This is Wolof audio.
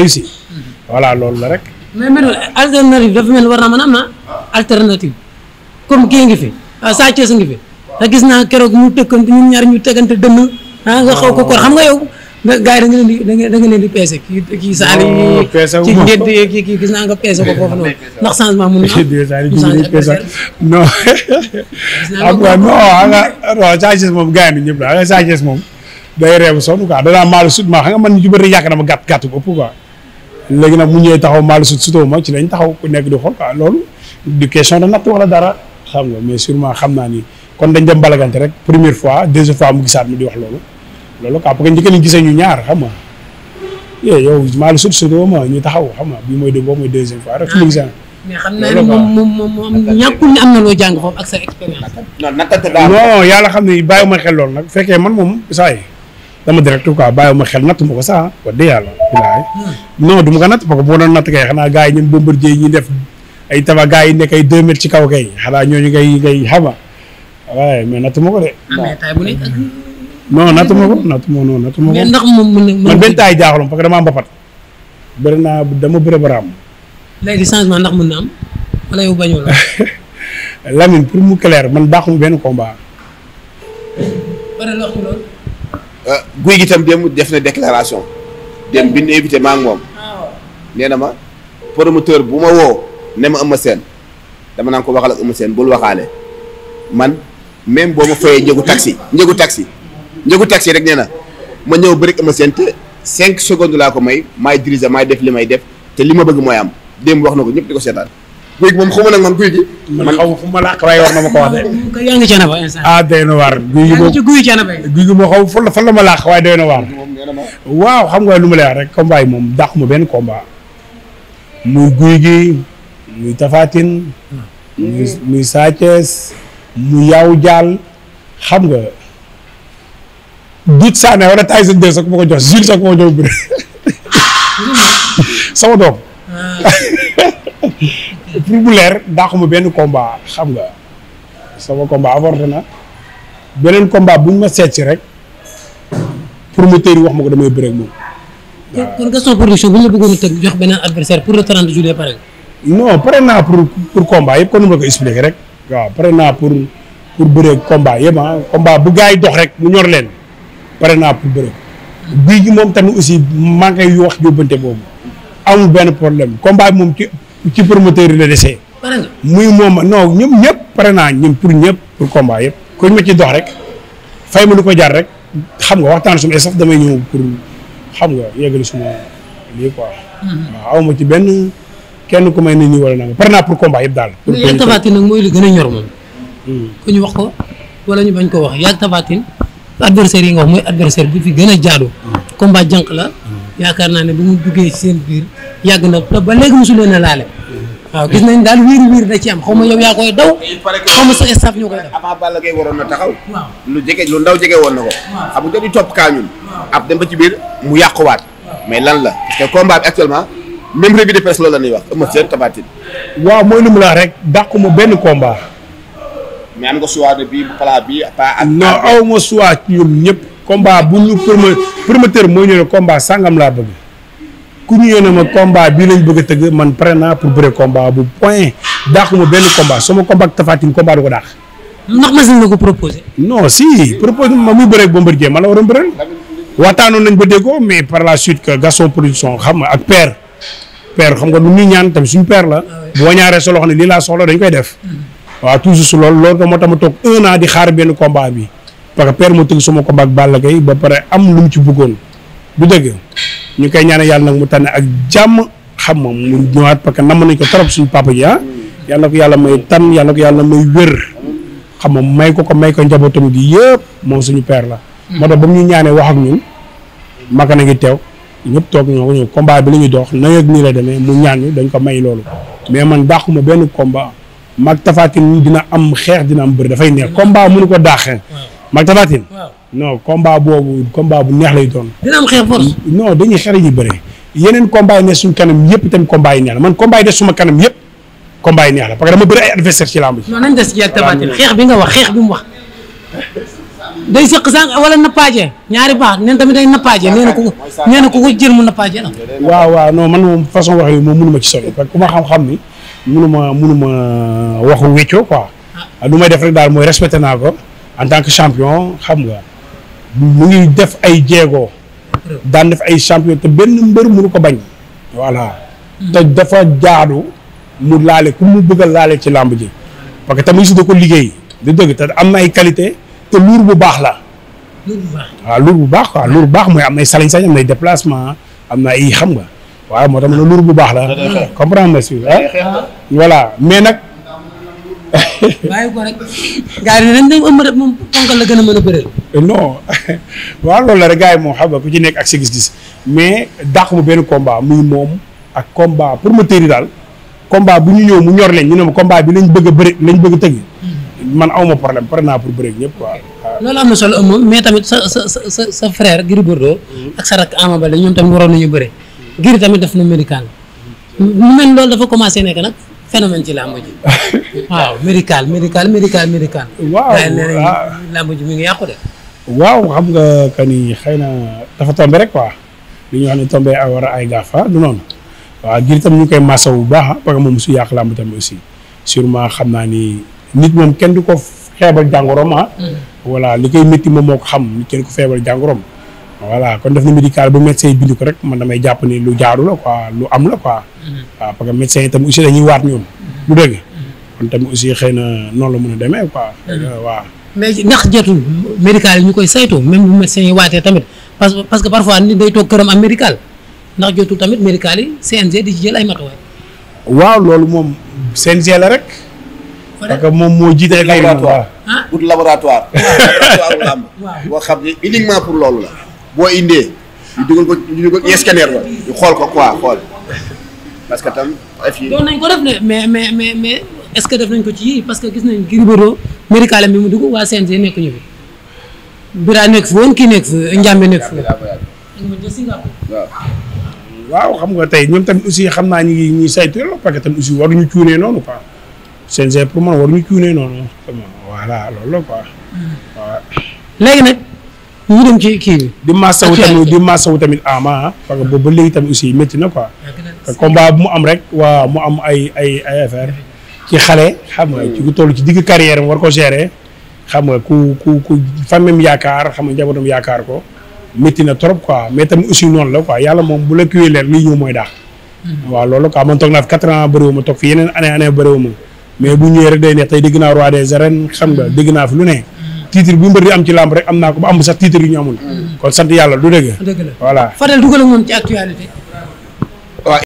réussi voilà loolu la rek. mais mbiru alternative dafa mel war na mën am na alternative comme kii ngi fi ah, Sa Thiès ngi fi te gis naa keroog mu tëkkante ñun ñaar ñu tegante dënn ah nga xaw ko kor xam nga yow gars yi da nga leen di da nga leen di peese kii kii saali ci ngént kii gis naa nga peese ko foofu noonu ndax changement mun na non ah, nga non nga Sa moom gars yi ñëpp la ah, Sa Thiès moom day reew sonn quoi danaa maalu sut ma xam nga man ñu ci bëri yàq dama gàtt gàtt ko ëpp quoi léegi nag mu ñëwee taxaw mal sut sutoo ma ci lañ taxaw ku nekk di xool waaw loolu du question de natt wala dara xam nga mais sûrement xam naa ni kon dañ dem balagante rek première fois deuxième fois mu gisaat mi di wax loolu loolu quoi parce que njëkk nañ ñu ñaar xam nga yee eh yow maalu sut ñu taxaw xam nga bii de boobu mooy deuxième fois rek fu mu gisaan ah. mais xam naa ne moom moom ñàkkul ne am na loo jàng foofu ak sa expérience. non yàlla xam ne bàyyi ma xel loolu nag fekkee man moom saa yi dama direct quoi bàyyi ma xel natt ma ko sax wax dëgg yàlla. non du ma ko natt parce boo doon natt kay xanaa gars yi ñoom Bombardier ñi def ay tabax gars yi nekk ay deux ci kaw kay xanaa ñooñu ngay ngay xama waaye mais natt ma ko de. Ah, ma ko natt ma non man benn taay jaaxaloon parce que dama am mbapat. naa dama bëri ba léegi changement ndax mën am la. Lamine pour mu clair man dàqu ma benn combat. bëri Euh, guy gi tam démb def na déclaration démb bi ñu invité maa moom nee na ma promoteur bu ma woo ne ma Eumeu seen dama naan ko waxal ak Eumeu seen bul waxaale man même boo ma fayee njëgu taxi njëgu taxi njëgu taxi rek nee na ma ñëw bëri Eumeu Sène te cinq secondes laa ko may maay diriger maay def li may def te li ma bëgg mooy am démb wax na ko ñëpp di ko seetaan guy gi moom xaw ma nag ma fu ma làq na ko wax de. Ah, waar. waaw xam nga lu ma lay wax rek combat yi moom dàq ma benn combat. muy guy gi muy tafaatin. muy muy mu yaaw jaal xam nga. dut saane wala Tyson deux sax ma ko jox Jules sax ko jox bëri. Ah. sama doom. Ah. pour bu leer daaxuma benn combat xam nga sama combat avorté na beneen combat buñ ma seet si rek mu yi wax ma ko damay bëreeg moom. waaw kon Gaston production bu a tëgg jox beneen adversaire le pare. naa pour combat yëpp kon ma ko expliquer rek. waaw pare naa pour pour bëreeg combat yëpp ah combat bu gars yi dox rek mu ñor leen pare naa pour bëreeg bii moom tamit aussi maa ngi wax yóbbante boobu amul benn problème combat bi moom ci pour promoteur yi la desee muy moom non ñoom ñëpp pare naa ñoom pour ñëpp pour combat yëpp koñ ma ci dox rek fay ma du ko jaar rek xam nga waxtaan suma estaf damay ñëw pour xam nga yeggali suma lii quoi mm-hmm. waaw awma ci benn kenn ku may nit ñi wala nanga pare naa pour combat yëpp daal yaag tafatin nag mooy li gën a ñor moom hmm. ku ñu wax ko wala ñu bañ ko wax yaag tafatin adversaire yi nga wax mooy adversaire bu fi gën a jaadu hmm. combat jànq la hmm. yaakaar naa ne bu mu duggee ci seen biir yàgg na ba léegi mosu leen a waaw gis nañ daal wiiri wiiri da ci am xaw ma yow yaa koy daw. xaw ma sa staff ñu koy daw. avant Balla na taxaw. lu jege lu ndaw jege woon na ko. waaw xam nga di topp kaa ñun. ba ci biir mu yàquwaat. mais lan la parce actuellement même revue de presse la ñuy wax Eumeu Sène Tapha Tine. waaw mooy lu mu rek dàq mu benn combat. nga choix de bi pas ak. ñëpp. combat bu ñu promoteur mooy ñu ne sangam laa bëgg. ku ñu yónnee ma combat bii lañ bëgg a tëgg man pare naa pour bëre combat bu point daaxuma benn combat sama ma ak Tapha Tine combat du ko daax. ndax machine ko proposé. non si proposé ma muy bëreeg Bombardier man la waroon nañ ba déggoo mais par la suite que Gaston production xam nga ak père père xam nga lu ñuy ñaan tamit suñu père la. boo ñaaree sa loxo ne lii laa soxla dañ koy def. waaw toujours su loolu loolu moo tax ma toog un di xaar benn combat bi parce que père moo tëgg sama combat ak Balla Gaye ba pare am lu mu ci bëggoon du dëgg. ñu koy ñaanal yàlla nag mu tànn ak jàmm xam ma mu ñëwaat parce que nam nañ ko trop suñu papa ji ah yàlla ko yàlla may tan yàlla ko yàlla may wér xam ma may ko ko may ko njabootam gi yëpp moom suñu père la moo tax ba mu ñu ñaanee wax ak ñun maka na ngi teew ñëpp toog ñoo ko ñëw combat bi la ñuy dox na yëg nii la demee mu ñaan ñu dañ ko may loolu mais man dàquma benn combat mag Tapha Tine dina am xeex dina am bëri dafay neex combat mënu ko daaxee mag non combat boobu combat bu neex lay doon. dina am xeex force. non dañuy xeex ñu bëre yeneen combat yi ne suñ kanam yëpp itam combat yi neex la man combat suma kanam yëpp combat neex la parce que dama bëri ay adversaire ci làmb ji. ci ak Tapha xeex bi nga wax xeex bi mu day sëq sànq wala nappaaje ñaari baax neen tamit day nappaaje nee na ku ko ku ko jël mu nappaaje la. waaw waaw non man moom façon wax yooyu moom mënu ma ci sori parce que ku ma xam-xam ni mënu ma mënu ma euh, waxu wéccoo quoi. Ah. lu may def rek daal mooy respecté naa ko en tant que champion xam nga. mu ngi def ay jéego. daan def ay champion te benn mbër mënu ko bañ. voilà te defa jaadu mu laale ku mu bëgg laale ci làmb ji. parce que te tamit su da ko liggéey. di dëgg te am na ay qualité te luur bu baax la. luur bu baax waaw luur bu baax quoi luur bu baax mooy am nay sañ-sañ am nay déplacement am na ay xam nga waaw moo tax ma luur bu baax la. comprendre nga si mais nag. bàyyi ko rek gars yi dañ dem ëmb rek moom ponkal la gën a mën a bëreel. non waaw la rek yi moom xam nga ci nekk ak sa mais dàq mu benn combat muy moom ak combat promoteur yi daal combat bu ñu ñëw mu ñor leen ñu ne ma combat bi lañ bëgg bëri lañ bëgg a tëgg. Hmm. man awma problème pare naa pour bëreeg ñëpp waaw. loolu am solo ëmm mais tamit sa sa sa sa frère Gris Bordeaux hmm. ak sa rakk Ama Baldé ñoom tamit waroon nañu bëre. tamit def na médical. Hmm. mu mel loolu dafa commencé nekk nag. phénomène ci làmb ji. waaw médical médical médical waaw waaye nee nañ ah. yàqu de. waaw xam nga que ni xëy na dafa tombé rek quoi li ñuy ne tombé ay war ay gaafa du noonu waaw ngir itam ñu koy masawu bu baax ah, parce que moom su yàq làmb tamit aussi sûrement xam naa ni nit moom kenn du ko feebal jàngoroom ah. Mm. voilà li koy métti moom moo ko xam kenn ko feebal jàngoroom. voilà kon def na médical bu médecin yi bind ko rek man damay jàpp ni lu jaaru la quoi lu am la quoi. Mm-hmm. waaw parce que médecin tamit mm-hmm. xëy na noonu la mën a demee quoi. Mm-hmm. Euh, waaw. mais yi ñu koy saytu même bu médecin yi waatee tamit parce que parce que parfois nit day toog këram am médical ndax jotul tamit médical yi CNG di ci jël ay matuwaay. waaw loolu moom CNG la rek. parce que moom moo jiite laboratoire. Ah. pour la am. waaw boo xam ne uniquement pour loolu la. boo indee ñu dugal ko ñu dugal ko scanner ba ñu xool ko quoi xool parce que tam af yi. doon nañ ko def ne mais mais mais mais est ce que def nañ ko ci yii parce que gis nañ Gris Bordeaux médical bi mu dugg waa CNG nekk ñu fi. Bira nekk fi woon kii nekk fi Njambe nekk fi. waaw. waaw xam nga tey ñoom tamit aussi xam naa ñu ngi ñuy saytu loolu parce que tamit aussi waruñu cuunee noonu quoi. CNG pour man waruñu cuunee noonu. voilà loolu la quoi. waaw léegi nag. ñu dem ci kii di masawu tamit di masawu tamit ama parce que boobu ba léegi tamit aussi métti na ko combat bu mu am rek waaw mu am ay ay ay affaire ci xale xam nga ci ku toll ci digg carrière war ko gérer xam nga ku ku ku famem yaakaar xam nga njabootam yaakaar ko métti na trop quoi mais tamit aussi noonu la quoi yàlla moom bu la kiwee leer lii ñëw mooy daax hmm. waaw loolu quoi man toog naa bu ñëwee rek day neex tey dégg naa roi des arènes xam nga dégg naa fi lu ne titre bu mbër di am ci làmb rek am naa ko ba am sax titre yu ñu amul. Mm. kon sant yàlla du dëgg. dëgg